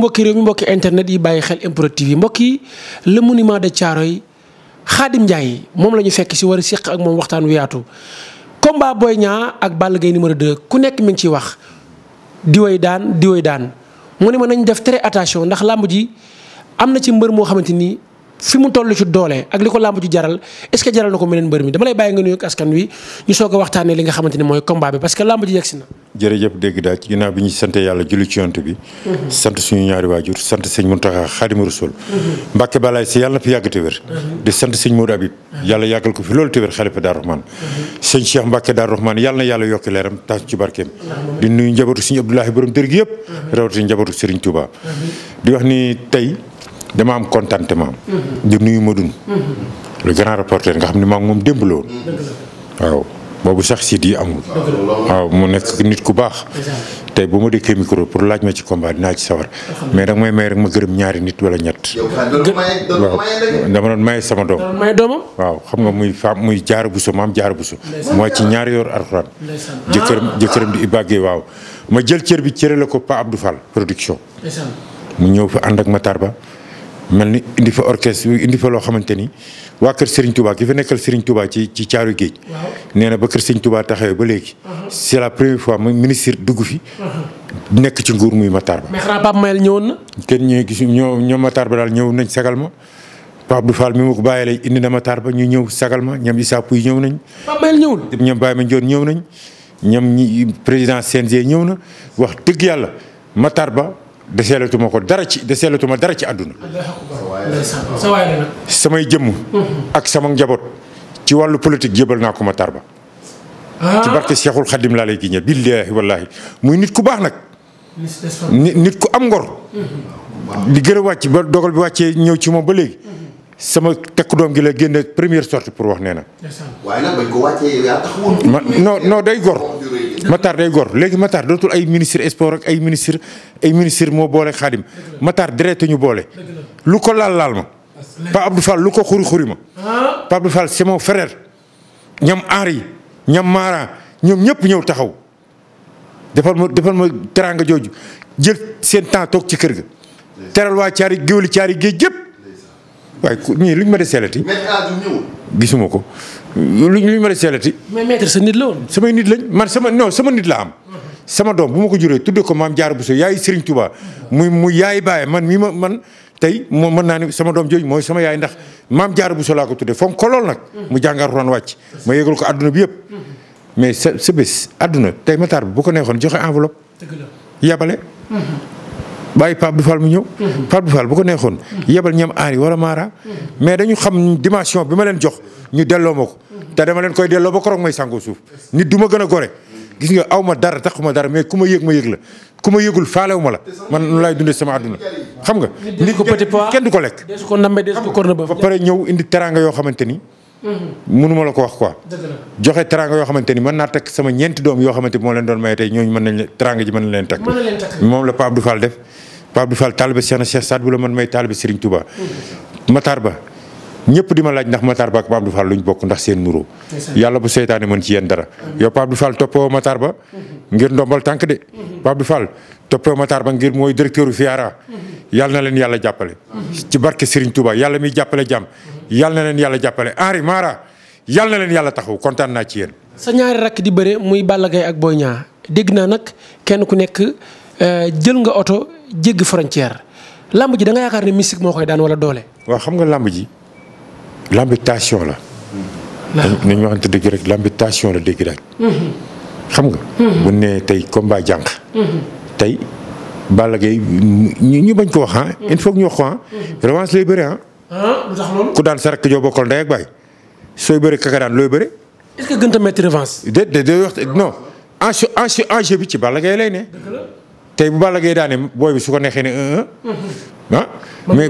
mbokki réew mi mbokki internet yi bàyyi xel MPROD TV mbokk yi le monument de Thiaroye Khadim Ndiaye moom la ñu fekk si war a séq ak moom waxtaan wi yaatu combat Boy Niang ak Balla Gaye numéro 2 ku nekk mi ngi ciy wax diwoy daan diwoy daan mu ne ma nañ def très attention ndax làmb ji am na ci mbër moo xamante fi mu toll ci doole ak li ko làmb ci jaral est-ce que jaral na ko meneen mbër mi dama lay bàyyi nga nuyu ak wi ñu soog a waxtaanee li nga xamante ne mooy combat bi parce que làmb yegsi na. jërëjëf dégg daal ginnaaw bi ñu sant yàlla julli ci yonent bi. Mhm. sant suñu ñaari waajur sant sëñ Mountakha Xaadimu Rasuul. Mhm. Mbàkke Balaay si yàlla na fi yàgg te wér. Mhm. di sant sëñ Modou Habib. yàlla yàggal ko fi loolu te wér xalifa Daaru Rahmaan. sëñ Cheikh Mbàkke Daaru Rahmaan yàlla na yàlla yokk leeram taas ci barkeem. di nuyu yëpp. rawatina njabootu Serigne Touba. di dama am contentement. di nuyu Madoune. le grand reporter nga xam ne maa moom démb la waaw boobu sax siit yi amul. waaw mu nekk nit ku baax. te bu ma dékkee micro pour laaj ma ci combat dinaa ci sawar. mais nag may may rek ma gërëm ñaari nit wala ñett. waaw dama doon maye sama doom. waaw xam nga muy femme muy jaar buso am jaar buso. moo ci ñaari yoon alxuraan. jëkkër jëkkëram di i Ibagé waaw. ma jël cër bi cëre la ko Pa Abdou Fall production. mu ñëw fa ànd ak Matar Ba mel ni indi fa orchestre indi fa loo xamante ni waa kër sëriñ Touba ki fa nekkal Serigne Touba ci ci caaru géej. nee na ba kër Serigne Touba taxawee ba léegi. Uh-huh. c'est la première fois muy ministre dugg fi. Uh-huh. nekk ci nguur muy Matar Ba. mais xanaa ñëwoon na. kenn ñooy gis ñoo ñoo Matar Ba daal ñëw nañ sagal ma Pape Abdou Fall mi muk bàyyee bàyyi lay indi na mataar Ba ñu ñëw sagal ma ñoom Issa Pouye ñëw nañ. Pape Mayel ñëwul. ñoom Baye Mandione ñëw nañ ñoom ñi président CNG ñëw na wax dëgg yàlla Matar Ba. deseelatuma ko dara ci deseelatuma dara ci àdduna samay jëmm mm-hmm. ak sama njaboot ci wàllu politique yëbal naa ko ma tarba ah. ci barke Seexul Xadim laa lay giñee billaahi wallaahi muy nit ku baax nag nit ku am ngor mm-hmm. di gën a wàcc ba dogal bi wàccee ñëw ci moom ba léegi mm-hmm. sama tekk doom gi la génne première sortie pour wax nee na waaye nag day gor mataar day gor léegi Matar dootul ay ministre sport ak ay ministre ay ministre moo boole xaadim Matar direct ñu boole. lu ko laal laal ma. Pa Abdou Fall lu ko xuri xuri ma. Pa Abdou Fall c'est mon frère. ñam Henri ñam Mara ñoom ñëpp ñëw taxaw. defal ma defal ma teraanga jooju jël seen temps toog ci kër ga. teral waa caari géwéli caari géej yëpp. waaye ku ñii luñ ma deseelati. gisuma ko. lu ñu ma a seelati. mais maître sa nit la woon. samay nit lañ man sama non sama nit la am. sama doom bu ma ko juree tudde ko maam jaar Diarra Bousso yaay Serigne Touba muy mu yaay baaye man mii ma man tey moom mën naa ni sama doom jooju mooy sama yaay ndax maam jaar Diarra Bousso laa ko tudde fonk ko lool nag. mu jàngar ron wàcc. ma yëgal ko àdduna bi yëpp. mais sa sa bés àdduna tey Matar bu ko neexoon joxe enveloppe. dëgg yabale. Mm-hmm. bàyyi Pape Abdou Fall mu ñëw. Pape Abdou Fall bu ko neexoon. yebal ñoom aar yi wala maara. mais dañu xam dimension bi ma leen jox ñu delloo ma ko. te dama leen koy delloo ba koroog may sàngoo suuf nit du ma gën a gore. gis nga aw ma dara taxuma dara mais ku ma yëg ma yëg la ku ma yëgul faalewu ma la man nu laay dundee sama àdduna xam nga. nit ko petit pois kenn du ko lekk. ko nambe des ko corne ba pare ñëw indi yoo xamante ni. la ko wax quoi. joxe teraanga yoo xamante ni naa takk sama ñeenti doom yoo xamante ni moo leen doon maye tey ñooñu mën nañ leen teraanga ji mën leen takk. moom la Pape Abdou Fall def. Pape Abdou Fall taalibe Cheikh na Cheikh Saad bu la man may taalibe Serigne Touba. Matar Ba ñëpp di ma laaj ndax Matar Ba ak Pape Abdou Fall luñ bokk ndax seen nuroo yàlla bu seytaane mën ci yéen dara. yow Pape Abdou Fall toppoo Matar Ba. ngir ndombal tànk de. Pape Abdou Fall toppoo Matar Ba ngir mooy directeur Fiara. yàlla na leen yàlla jàppale. ci barke Serigne Touba yàlla miy jàppale jàmm. yàlla na leen yàlla jàppale Henri Mara yàlla na leen yàlla taxaw kontaan naa ci yéen. sa ñaari muy Balla Gaye ak Boy Niang dégg naa nag kenn ku nekk euh, jël nga oto jégg frontière làmb ji da nga yaakaar ne mystique moo koy daan wala doole. waaw xam nga làmb ji làmb tension la. Ah. nañu waxante dëgg rek làmb tension la dëgg rek. Mm-hmm. xam nga. Mm-hmm. bu nee tey combat jànq. Mm-hmm. tey Balla Gaye ñu ñu bañ ko wax ah. il ñu wax ko ah. revanche lay bëre ah. ah ku daan sa rakk joo bokkal ndey baay sooy bëre kaka daan looy bëre. est-ce que gën ta bi ci Balla Gaye lay ne. tey bu Balla Gaye booy bi su ko neexee ne un un ah mais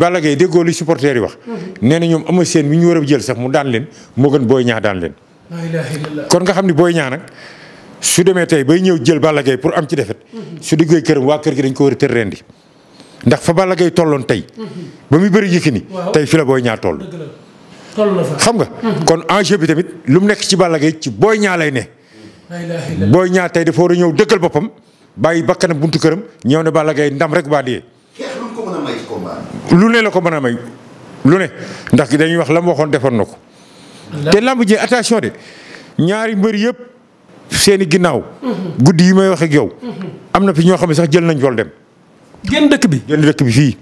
Balla Gaye déggoo li supporters yi wax mhm. nee na ñoom ama seen mi ñu war a jël sax mu daan leen moo gën booy ñaa daan leen kon nga xam ni booy ñaa nag su demee tey bay ñëw jël Balla Gaye pour am ci defet mhm. su duggee këram waa kër gi dañ ko war a tër reen di ndax fa Balla tolloon tey mhm. ba muy bëri Yékini tey fi la booy ñaa toll xam nga kon enjeu bi tamit lu mu nekk ci Balla Gaye ci boo ñaa lay ne booy a ñëw dëkkal boppam bàyyi bakkanam buntu këram ñëw ne Balla Gaye ndam rek baa dee. lu ko mën a may lu ne la ko mën a may lu ne ndax gi dañuy wax la mu waxoon defoon na ko. te lamb ji attention de ñaari mbër yëpp seeni ginnaaw. Mhm. guddi yi may wax ak yow. Mhm. am na fi ñoo xam ne sax jël nañ vol dem. génn dëkk bi génn dëkk bi fii.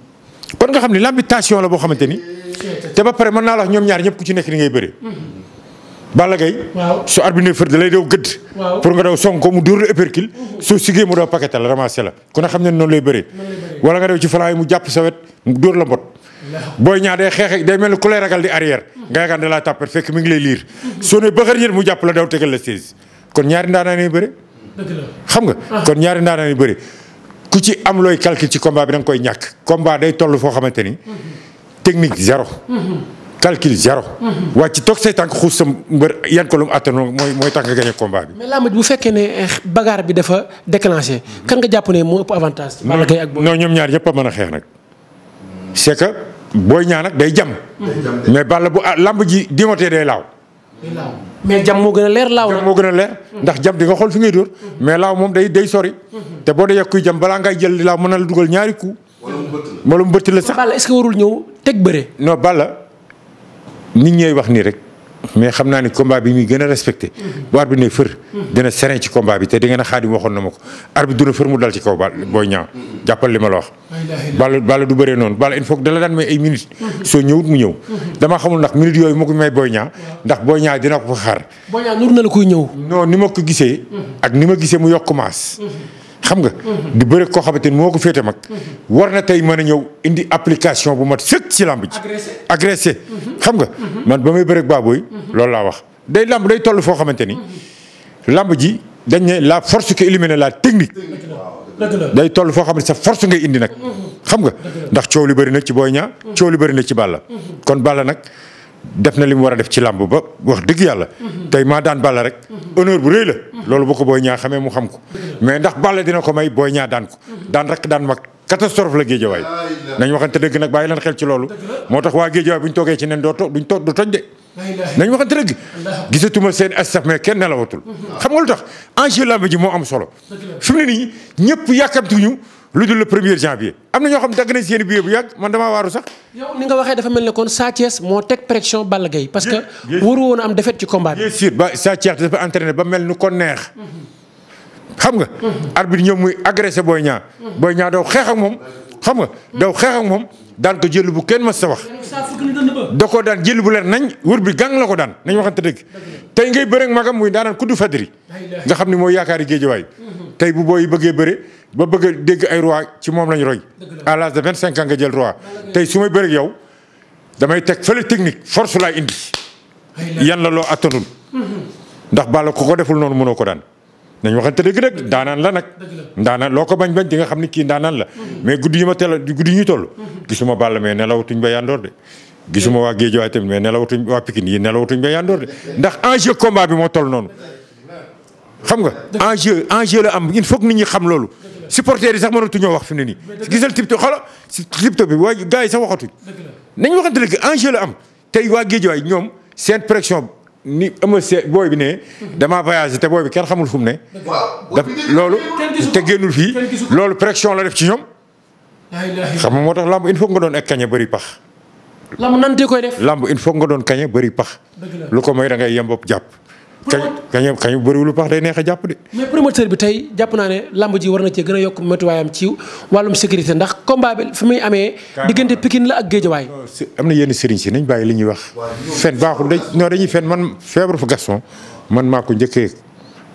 kon nga xam ne lamb bi la boo xamante ni. te ba pare mën naa la ñoom ñaar ñëpp ku ci nekk ni ngay bëre. Mhm. Balla Gaye su arbitre fër da lay daw gëdd pour nga daw song ko mu dóor la épercule mm-hmm. soo sigee mu daw paquetal ramassé la ku ne xam ne noonu lay bëree wala nga daw ci flanc yi mu jàpp sa wet mu dóor la mbot booy ñaa day xeex day mel ni ku lay ragal di arrière mm-hmm. nga yaakaar da laa tàppat fekk mi ngi lay liir mm-hmm. soo ne bëxër ñet mu jàpp la daw tegal la seize kon ñaari ndaanaan yi bëri xam nga ah. kon ñaari ndaanaan yi bëri ku ci am looy calcul ci bi da nga koy ñàkk combat day toll foo xamante ni technique zéro calcul zéro. Mhm. wàcc toog say tànk xuus sa mbër yan ko lu mu attanoo mooy mooy tax nga gagné combat bi. mais làmb bu fekkee ne eh, bagarre bi dafa déclenché. Mhm. kan nga jàpp ne moo ëpp avantage. Balla Gaye ak Boy Niang a a xeex nag. c'est que mhm. làmb ah, ji dimatee day laaw. mais jam moo gën a leer laaw la jam moo gën a leer. ndax jam di nga xool fi ngay dóor. mais laaw moom day day sori. te boo dee kuy jam balaa ngay jël laaw mën na dugal ñaari coup. wala mu bëtt la sax. Balla est que warul ñëw teg bëre. nit ñooy wax nii rek mais xam naa ni combat bi muy gën a respecté bu arbitre ne fër dina serein ci combat bi te di ngeen a xaadim waxoon na ma ko arbitre duna fër mu dal ci kaw bal booy ñaaw jàppal li ma la wax bala bala du bëree noonu bala il faut que dala daan may ay minutes soo ñëwut mu ñëw damaa xamul ndax minutes yooyu ma ko may booy ñaaw ndax booy ñaaw dina ko fa xaar booy ñaaw na la koy ñëw non ni ma ko gisee ak ni ma gisee mu yokk maas xam nga. Mm-hmm. di bëri koo xamante ni moo ko féete mag. Mm-hmm. war na tey mën a ñëw indi application bu mat sëkk ci làmb ji. agressé mm-hmm. xam nga. man ba may bëri ak baabooy loolu laa wax day làmb day toll foo xamante ni. làmb ji dañ ne la force qui élimine la technique. day toll foo xam ne sa force ngay indi nag. xam nga ndax coow li bëri na ci Boy Niang coow li bëri na ci Balla. kon Balla nag. def na li war a def ci làmb ba wax dëgg yàlla. Mhm. tey maa daan Balla rek. Mhm. honneur bu rëy la. Mhm. loolu bu ko Boy Niang xamee mu xam ko. mais ndax Balla dina ko may Boy Niang daan ko. daan rek daan mag catastrophe la Géejawaay. nañ waxante dëgg nag bàyyi leen xel ci loolu. moo tax waa Géejawaay bu ñu toogee ci nen doo toog duñ toog du toj de. nañ waxante dëgg gisatuma seen staff mais kenn nelawatul. xam nga lu tax enjeu làmb ji moo am solo. fi mu ne nii lu dul le premier janvier am na ñoo xam dagg nañ seen billet bu yàgg man damaa waaru sax. yow ni nga waxee dafa mel ne kon Sa Thiès moo teg pression Balla Gaye parce que waru woon am défaite ci combat bi. bien sûr ba Sa Thiès dafa entraîné ba mel ni ko neex. xam nga. arbitre ñoom muy agressé Boy Niang. Boy Niang daw xeex ak moom xam nga daw xeex ak moom daan ko jël bu kenn mas sa wax. da koo daan jël bu leen nañ wër bi gang la ko daan nañ waxante dëgg. tey ngay bëreeg magam muy daanaan kuddu fadri nga xam ni mooy yaakaari géejawaay tey bu booy bëggee bëre ba bëgg dégg ay roi ci moom lañu roy à l'âge de vingt cinq ans nga jël roi tey su may bëre yow damay teg fële technique force laa indi yan la loo attanul ndax Balla ko ko deful noonu mënoo ko daan nañ waxante dëgg rek daanaan la nag daanaan loo ko bañ bañ di nga xam ne kii daanaan la mmh. mais guddi yi ma teel guddi yi ñu toll mmh. gisuma Balla mais nelawatuñ ba yandoor de gisuma waa Géejawaay tamit mais nelawatuñ waa Pikine yi nelawatuñ ba yandoor de ndax enjeu combat bi moo toll noonu xam nga enjeu enjeu la am il faut que nit ñi xam loolu. supporters yi sax mënatuñoo wax fi mu ne nii. gisal tipto xoolal si tipto bi waa gars yi sax waxatuñ. nañ waxante dëgg enjeu la am tey waa géej Géejawaay ñoom seen pression ni ama see booy bi ne. damaa voyagé te booy bi kenn xamul fu mu ne. daf loolu. te génnul fii loolu pression la def ci ñoom. xam nga moo tax lamb il faut nga doon ak kañ bëri pax. lamb nan koy def. lamb il faut nga doon kañ bëri pax. lu ko mooy da ngay yem jàpp. kañ kañ kañu lu pax day neex a jàpp de. mais promoteur bi tey jàpp naa ne lamb ji war na cee gën a yokk métuwaayam ci wàllum sécurité ndax combat bi fi muy amee. diggante Pikine la ak Géejawaay. am na yenn sëriñ si nañ bàyyi li ñuy wax. fen baaxul dañ dañuy fen man feebar fa Gaston man maa ko njëkkee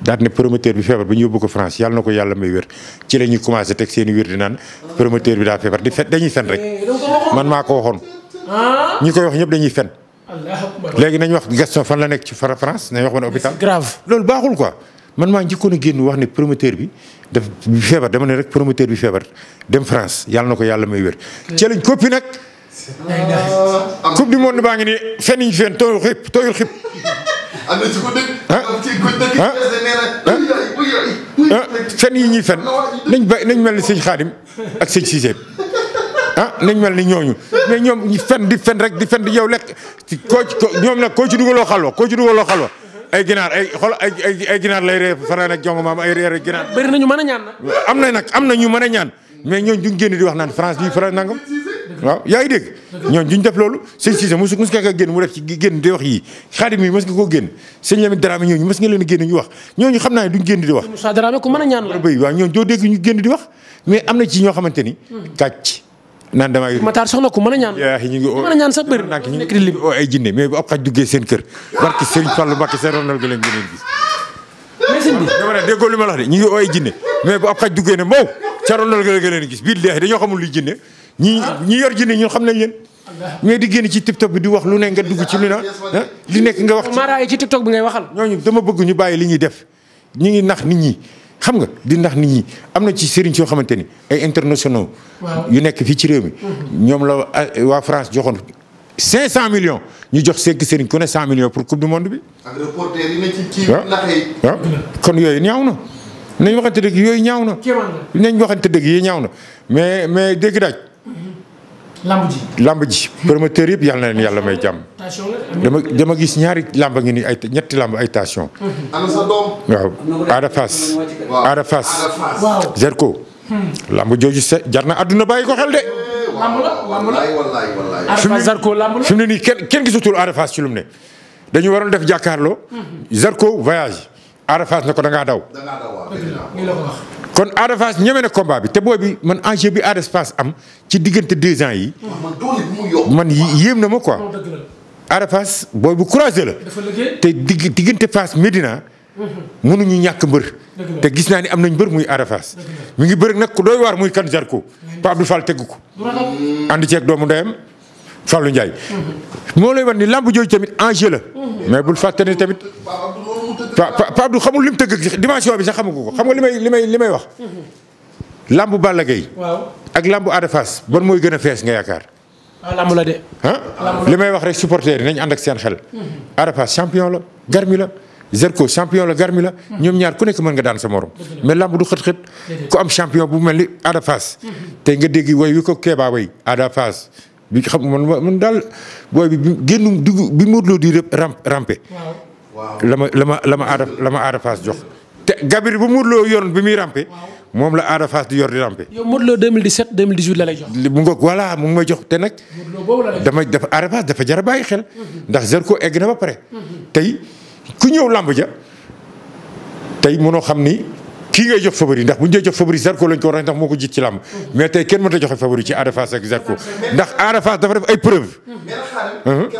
daal ne promoteur bi feebar ba ñu yóbbu ko France yàlla na ko yàlla may wér ci la ñuy commencé teg seen i wér di naan promoteur bi daa feebar di fen dañuy fen rek eh, man maa ko waxoon. Ah. ñi koy wax ñëpp dañuy fen léegi nañ wax Gaston fan la nekk ci fara France nañ wax man hôpital grave loolu baaxul ko man maa njëkkoon a génn wax ne promoteur bi daf feebar dama ne rek promoteur bi feebar dem France yàlla na ko yàlla may wér ci lañ koppi nag coupe du monde baa ngi ni fen yiñ fen tooyul xib tooyul yi ñuy fen nañ ba nañ mel ni sëñ Xaadim ak sëñ Cissé ah nañ mel ni ñooñu mais ñoom nag koo ci dugaloo xalwa koo ci dugaloo xalwa ay ginaar ay xol lay ree fanaan ak maam ay reer ak ginaar. na ñu mën a ñaan am na nag am na ñu mën a ñaan mais ñooñu duñ génn di wax naan France bii France nangam. waaw yaa dégg ñoon duñ def di wax ñooñu xam naa ne duñ génn di wax a ñaan waaw ñoon doo dégg ñu génn di wax mais am na ci ñoo xamante ni naan damay Matar soxna ku mën a ñaan ñu ngi mën a ñaan sax bëri nak ñu nekk di lim oo ay jinne mais bu ab xaj duggee seen kër barki Serigne Fallou Mbacké seen ronal ga leen gis mais li ma la wax jinne mais bu ab xaj duggee ne moow seen ronal ga leen gis billahi dañoo xamul luy jinne ñi ñi yor jinne ñun xam nañ leen mais di génn ci tiktok bi di wax lu ne nga dugg ci lu na ah, li nekk nga wax ci mara yi ci tiktok bi ngay waxal ñooñu dama bëgg ñu bàyyi li ñuy def ñu ngi nax nit ñi xam nga di ndax nit ñi am na ci sëriñ yoo xamante ni ay internationaux. yu nekk fii ci réew mi. Mhm. ñoom la waa France joxoon cent millions ñu jox sekk sëriñ ku ne 100 pour coupe du monde bi. ci kii waaw kon yooyu ñaaw na nañ waxante dëgg yooyu ñaaw na. nañ waxante dëgg yi ñaaw na mais mais dégg daaj. lamb ji lamb ji promoteur yëpp yàlla na yàlla may jàmm. dama dama gis ñaari lamb ngi ni ay ñetti lamb ay tension. Mhm. ana sa hmm. lamb jooju se jar na àdduna bàyyi ko xel de. Eh, lamb la lamb la wallaay wallaay. Zerko ne nii kenn kenn gisatul Ada ne. dañu waroon def jàkkaarloo. Hmm. Zerko voyage. Ada Fass ne daw. kon Ada Fass ñeme na combat bi te booy bi man enjeu bi Ada Fass am ci diggante deux ans yi. man yéem na ma quoi. Ada Fass booy bu courageux la. te digg diggante Fass Médina. Mhm. mënuñu ñàkk mbër. te gis naa ni am nañ mbër muy Ada Fass mi ngi bëri nag ku doy waar muy kan Zarko. Pa Abdou Fall tegg ko. ànd mm. ceeg doomu ndeyam Fallou Ndiaye. Mhm. moo lay wan ni lamb jooju tamit enjeu la. Mhm. mais bul fàtte tamit. Pape Abdou xamul lim tëgg dimension bi sax xamagu ko xam nga li may li may li may wax. Mhm. lambu Balla Gaye ak lambu Ada Fass ban mooy gën a fees nga yaakaar. ah lambu la de. ah li may wax rek supporter yi nañ ànd ak seen xel. Mhm. Ada Fass champion la garmi la. Zerko champion la garmi la. Mhm. ñoom ñaar ku nekk mën nga daan sa morom. mais lamb du xët xët. ku am champion bu mel ni Ada Fass. tey nga dégg woy wi ko Kéba way Ada Fass bi xam man man daal booy bi génn dugg bi Modou Lo di rampe. la ma la ma la ma aada la ma aada faas jox te gabir bu Modou loo yoroon bi muy rampe moom la aada faas di yor di rampe. yow Modou Lo 2017 2018 la lay jox. mu ngoog voilà mu ngi may jox te nag. dama dafa aada faas dafa jar a bàyyi xel. ndax Zarko egg na ba pare. tey ku ñëw làmb ja tey mënoo xam ni. kii ngay jox favori ndax mu ñu dee jox favori Zarko lañ ko war a ndax moo ko jiit ci làmb mais tey kenn mënut a joxe favori ci Ada Fass ak Zarko ndax Ada dafa def ay preuve. mais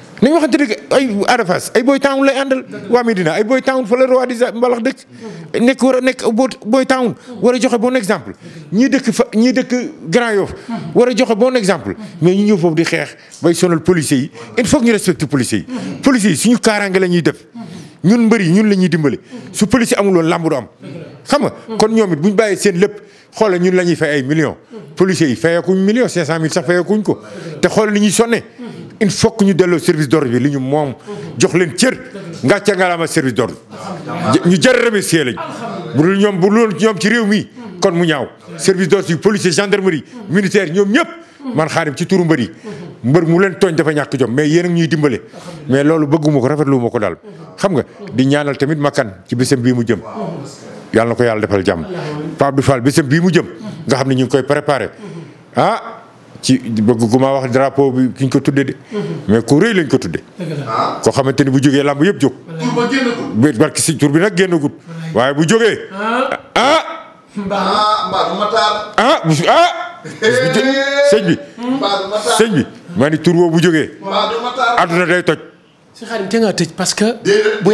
nañu waxante dëgg ay arafas ay boy town lay àndal waa Medina ay boy town fa la roi di mbalax dëkk nekk war a nekk boy town war a joxe bon exemple ñii dëkk fa ñii dëkk Grand Yoff war a joxe bon exemple mais ñu ñëw foofu di xeex bay sonal policiers yi il faut ñu respecte policiers yi policiers yi suñu kaaraange la ñuy def ñun mbëri ñun la ñuy dimbale su policier amuloon woon làmb du am xam kon ñoom it bu ñu bàyyee seen lépp xoolal ñun la ñuy fay ay millions policiers yi fayeekuñ million cinq cent mille sax fayeekuñ ko te xool li ñuy sonne il faut que ñu delloo service d'ordre ñu moom jox leen cër nga ca ngalaama service ñu jar remercier bu dul ñoom bu dul ñoom ci réew mi kon mu ñaaw service d'ordre yi policier gendarmerie militaire ñoom ñëpp man xaarim ci turu mbër yi mbër mu leen tooñ dafa ñàkk jom mais yéen ñuy dimbale mais loolu bëgguma ko rafetlu ma ko daal xam nga di ñaanal tamit makkan ci bésam bi mu jëm yàlla na ko yàlla defal jàmm Pape Abdou Fall bésam bii mu jëm nga xam ne ñu koy préparé ci bëgguma wax drapeau bi ki kiñ ko tuddee de. mais ku rëy lañ ko tuddee. koo xamante ni bu jógee làmb yëpp jóg. tur barki si tur bi nag génnagut. waaye bu jógee. ah. ah ah, ah, ah. bi. Hmm. sëñ bi ma ni tur bu jógee. àdduna day toj. si xarit te nga tëj parce que.